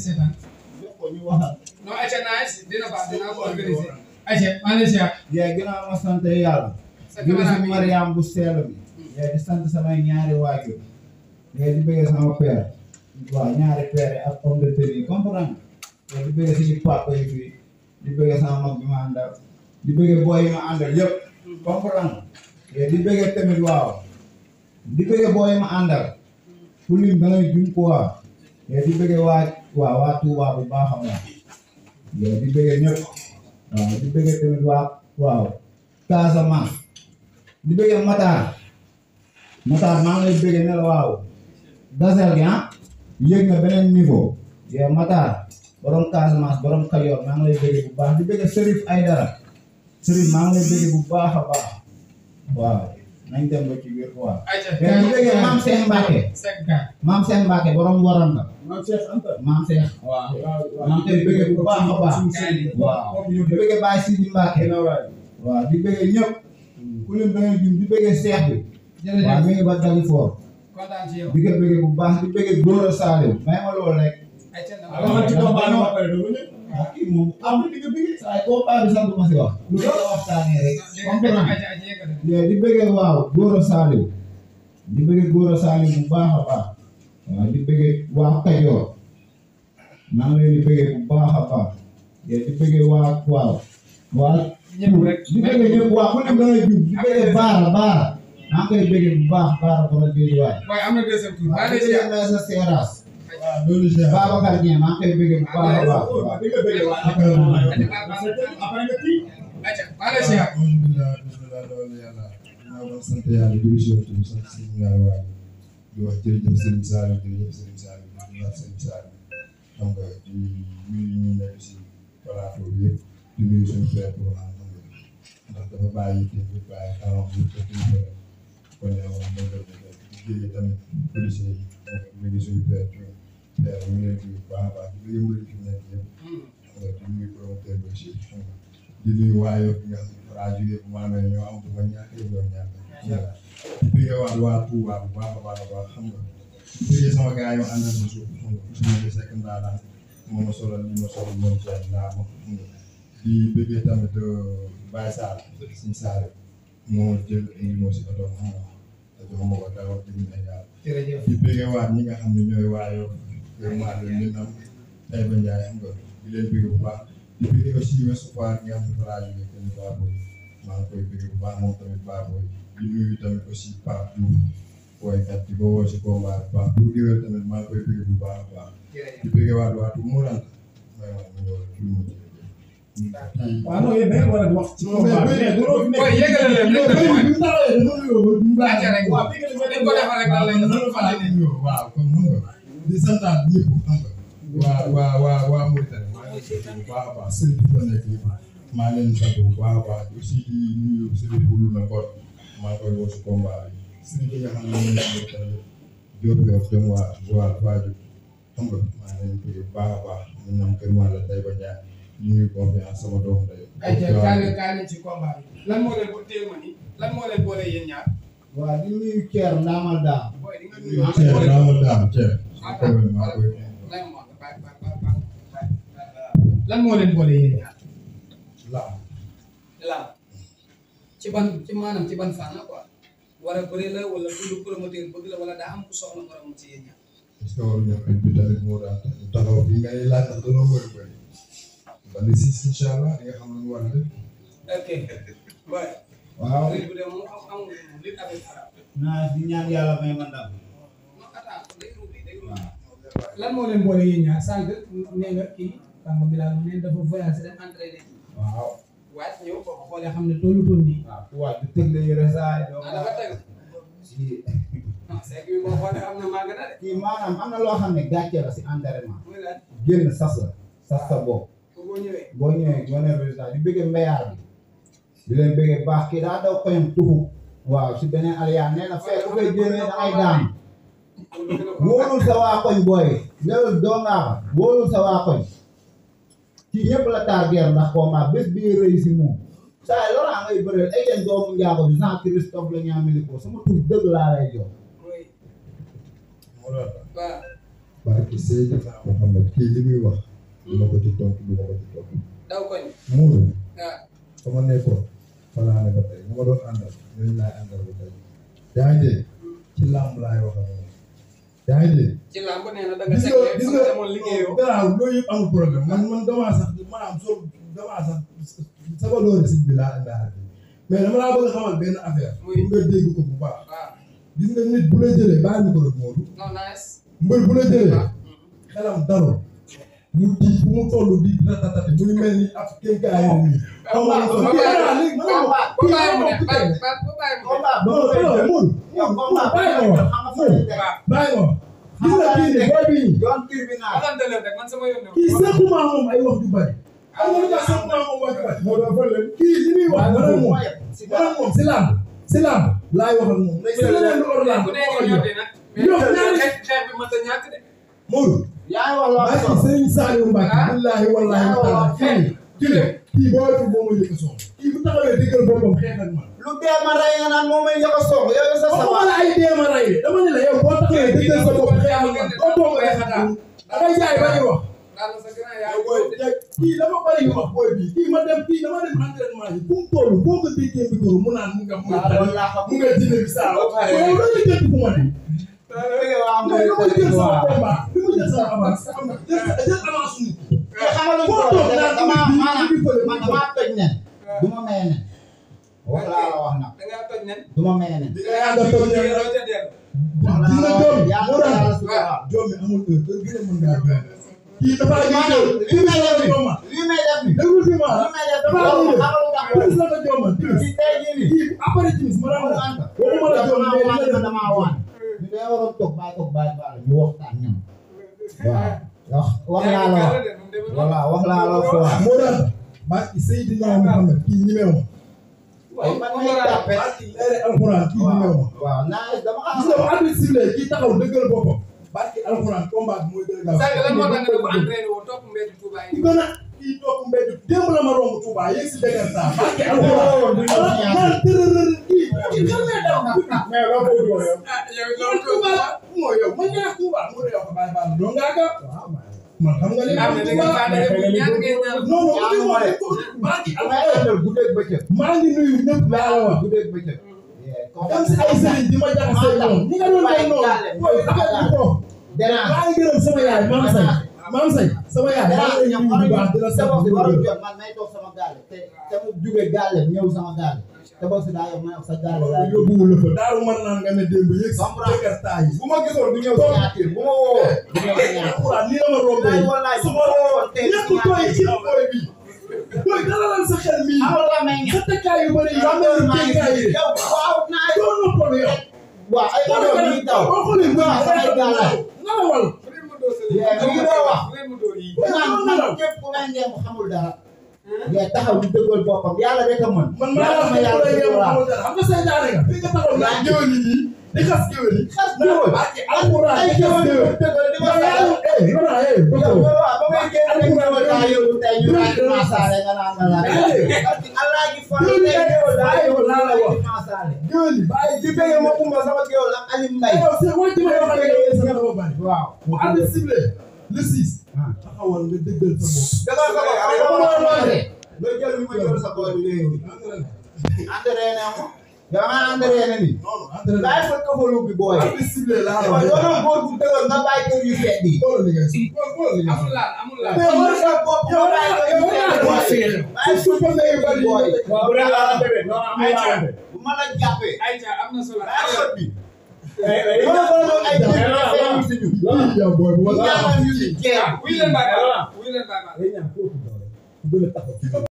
seetaan. non nice dina baax dina ko organisé. ayca Malaysia. yaa gën a ma sant yàlla. sa kanam bi Mariam bu seel di sant samay ñaari waajur. yaa di bëgg sama père. waaw ñaari père ak pomme de terre yi di bëgg suñu papa sama mag bi ma àndal. boy yi ma àndal yëpp. comprendre. yaa di bëgg tamit boy yi ma àndal. pour lim yow di wa wa waa waa Touba bu ba a baax yow di bëggee ñëpp wa di bëggee tamit waa waaw Casamance di bëggee Matar Matar maa ngi lay ya, bëggee ne la waaw dasel gi ah yëg nga beneen niveau yow Matar borom Casamance borom Kayoor maa ngi lay bu ba di bëggee Serif Aydara Serif maa ngi lay bu ba a wa nañ dem ba ci biir waaw. ayca ñu déggee maam Cheikh Mbacke. maam Cheikh Mbacke borom waroon la. maam Cheikh Anta. maam Cheikh. waaw waaw maam Cheikh bëgg bu baax a baax. waaw di bëgg Baye Sidi Mbacke. waaw di bëgg ñëpp. Hmm. ku leen da ngeen jum di bëgg Cheikh bi. jërëjëf waaw mi ngi ba Dalifort. kontaan ci yow. di bëgg bu baax di bëgg Gora Saliou may ma loolu rek. Kalau di Kembang apa dulu nih? Hakimu. Tapi dikepikir saya bisa tuh masih wah. Dulu aja tani. kan? Ya di wow, guru salim. Di bagian guru salim bah apa? Di bagian wah kayo. Nang di apa? Ya di bagian wah wow. Wah. Di bagian nyep wah pun bar bar. Nang di bagian bar kalau di luar. Wah, amna dia tu. Ada yang desa teras. waaw loolu ziar Babacar Dieng maa ngi koy bëggee bu baax a baax. waaw sant yàlla di leen sant suñu yàlla waay di wax jërëjëf Serigne Sall jërëjëf Serigne Sall di wax Serigne Sall xam nga di nuyu ñu nekk si plateau bi yëpp di nuyu suñu frère pour xam nga ndax dafa bàyyi te ñu bàyyi xalam bu ko kon yow moom tamit policier yi ñu ngi suñu frère ñu ngi leen di bu baax a baax di nuyu mbir mi nekk yëpp xam nga di nuyu promoteur bi aussi di nuyu waa Yoff nga xam ne waa jugee bu ma amee ñoo am bu ma ñàkkee ñoo ñàkk di bëgg waa waa Touba bu baax a baax a baax xam nga di bëgg sama gars yi ma àndal na suuf xam nga su ma ngi sekk ndaanaan moo ma solal li ma solal moom Cheikh Ndamo xam nga di bëgg tamit Baye Sarr suñu Sarr moo jël indi moo si oto xam nga te jox ma ko daaw ak di bëgg waat ñi nga xam ne ñooy waa Yoff vraiment ñun am tey ba Ndiaye am nga di leen bëgg bu baax di bëgg aussi weesu quoi ñi am plage bi kenn baaboy maa ngi koy bëgg bu baax moom tamit baaboy di nuyu tamit aussi Pape Diouf woykat di ko woo si combat bu baax pour géwél tamit maa ngi koy bëgg bu baax a baax di bëgg waat waat bu mu rànd vraiment mu ñëw rek mu ñëw waaw non yéen da ngeen war a wax ci combat bi mais mënoo fi nekk. waaw yëgale leen lépp de mooy. waaw yëgale leen lépp de mooy. waaw yëgale leen lépp de mooy. waaw kon mën nga. di santaat ñëpp xam nga waa waa waa waa Mauritanie maa ngi leen bu baax a baax sëriñ bi fa nekk yëpp maa leen sant bu baax a baax aussi di nuyu sëriñ Bulu na ko maa koy woo si combat bi sëriñ bi nga xam ne moom lañ tamit jóg yow dem waa waa waaju xam nga maa leen koy bu baax a baax ñu ñam kër maa la tey ba ñaar ñuy confiance sama doom day. ay jël kaale kaale ci combat bi lan moo leen ko téema ni lan moo leen boole yéen ñaar. waaw di nuyu Thierno Ndama Dame. di nuyu Thierno Ndama Dame Thierno. lan moo leen boole yéen ñaar la ci ban ci maanaam ci ban fànn quoi war a la wala du promoteur bëgg la wala daa am ku soxla morom ci yéen ñaar parce que waru ñàkk bi tamit taxaw bi ba allah nga xam lu mu war ok waaw waaw li bu dee moom li di ñaan yàlla may lan moo leen boole yéen ñaar sànq nee nga kii Bamba Bilal mu ne dafa voyagé dem ne toolu tool nii. waaw waaw ah, ah, am na màgg am na loo xam ne la si entraînement. génn sas la sas sa bopp. boo ñëwee boo ñëwee boo nee résultat baax kii daa daw koyam tuxu. waaw si beneen aliya nee na fekk bu koy génnee da ngay daan. wóolul sa waa koñ booy loolu doo ngaa ko wóolul waa koñ ci ñëpp la targeer ndax combat bés bi rëy si moom saa yi loolaa ngay bëreel ay yéen doomu njaago bi sans Christophe la ñaameli ko sama tur dëgg laa lay jox. waaw kii fa laa ne ba tey ma doon àndal ñooñu laay àndal ba tey yaa ngi mm. ci làmb laay wax ak moom yaa ngi dégg. ci làmb nee na da nga segg rek fa nga demoon liggéeyoo. garaaw loolu amul problème man man damaa sax maanaam soo damaa sax sama loolu si bi laa indaale mais dama laa bëgg a xamal benn affaire. muy nga dégg ko bu baax. gis nga nit bu la jëlee baal ñu ko rek Modou. non nice. mbër bu la jëlee. xelam dalul. mu di bu mu toll di ratatati muy mel ni ab kéegaay yi nii. xaw ma la ko kii yaa la léegi mën na ko kii yaa la ko kii yaa la ko. non non Modou. Modou bàyyi ma wax. xool bàyyi ma. gis nga kii bi booy bi kii sequma moom ay wax ju bari. am na lu tax sequma moom wax ju bari. moo doon fële kii li muy wax dara moom dara moom si laam si laam laay wax ak moom. mais si leneen lu or laam ko Modou. yaa ngi wax loolu Serigne Saliou Mbacke. wallaahi ah? wallaahi taala kii kii boo wetu moom mooy yëkk a soog. kii bu taxawee dëggal boppam xeex ak man. lu dee ma rey nga naan moom mooy yëkk a soog yow jéem a rey dama ne la yow boo taxawee dëggal sa bopp xëy na boo toog rek xataa da ngay jaay ba ñu wax. kii dama bari wax booy bi kii ma dem kii dama dem entraînement yi fu mu toll boo ko déggee micro mu naan mu nga mu nga dina bi saa yow loolu la jënd fu ma ne. dama jël sama combat dama jël sama avance jël avance nit. boo toog naan dama maanaam man damaa toj ne du ma may ne. wax laa la wax nag. da ngaa toj nen. du ma maye nen. di nga yàlla toj nen rek. wax naa la wax yàlla la su ko waxee. doom bi amul heure gën a mën ngaa doon. kii dafa am kii lii may def nii lii may def nii. déglu si ma lii may def dafa am kii de. dafa am kii de. kii tey jii nii. kii après timis ma la wax. waxuma la jox ma mais dina dama waan. ñu ngi waroon toog bàyyi toog bàyyi baax ñu waxtaan ñoom. waaw wax naa la wax. voilà wax naa la wax. moo tax Seydina Mouhamed kii ñemewul. waaye man kii bi ñëw ma. waaw naa dama xam. gis nga kii taxaw dëggal boppam. barki alxuraan combat bi tax a kii topp la ma romb Touba yegg si dëggal saa. barki alxuraan man ah, tërërër kii. kii gën lay daw. mais loo koy doon yow. ah yow loolu barki alxuraan guddeeg bëccëg maa ngi nuyu ñëpp laa la wax guddeeg bëccëg dem si ay sëriñ di ma jaxasee ñoom ñi nga doon tey noonu booy affaire bi ko maa ngi gërëm sama yaay maam say maam say sama yaay maa ngi lay nuyu bu baax di la sant di la gërëm man may toog sama gaale te te mu jugee gaale ñëw sama gaale te boo si daa yow ma sa gaale laa yóbbuwul la fa daaru mën naa nga ne démb yëg jëkkartaa yi bu ma gisoon du ñëw ñaatir eh, bu ma woo alxuraan nii la ma rombee su ma woo ñëpp tooy ci tooy bi meññ. sëtëkaay yu bëri yoo xam ne yu bëri yi. waaw naa yi doon na polo yow. waaw ay polo yi taw. boo xoolee bu baax ay gàllaay. nga la wal. li mu doon wax. naan naan képp ku la ngeen xamul dara. mais taxaw di dëggal boppam yàlla rek a mën. man maa la ma yàlla dëggal waaw. xam nga say daara nga. fi nga taxaw naa jëw nit yi. di xas géwél yi. xas géwél alxuraan ay géwél yi ko tëggal di ko saa yow. eh yow naa yow. yow waaw ba may génn rek nga war a yow tey ñu naan di maasaale nga naan nga naan. parce que allah ji fan. yow yaa yow daa yow naa la wax. géwél yi. waaye di bëgg ma kumba sama géwél ak Aliou Mbaye. yow c'est vrai que ma yoo xam ne yow sama dama bari. waaw mu ànd ciblé le six. taxawal nga dëggal sa bopp. dëggal sa bopp xam nga loolu la. nga jël bi ma jël sa bopp léegi. entraîné ma. nga ma engrais na ni. bàyyi fa kafalu bi booy. waaw loolu góor bu dëgër nga bàyyi kër yu fekk yi. amul laal amul laal. mais wala sa bopp yow bàyyi kër yu fekk yi. bàyyi suuf ba ngay bari booy. waaw bu dee laal bébé non amul laal bébé. bu ma la jàppee. ayca am na solo bàyyi fa bi. wala wala loolu ay kër yu fekk yi si ñun. ñu jàppal ñu si jeex. wuyu leen bàyyi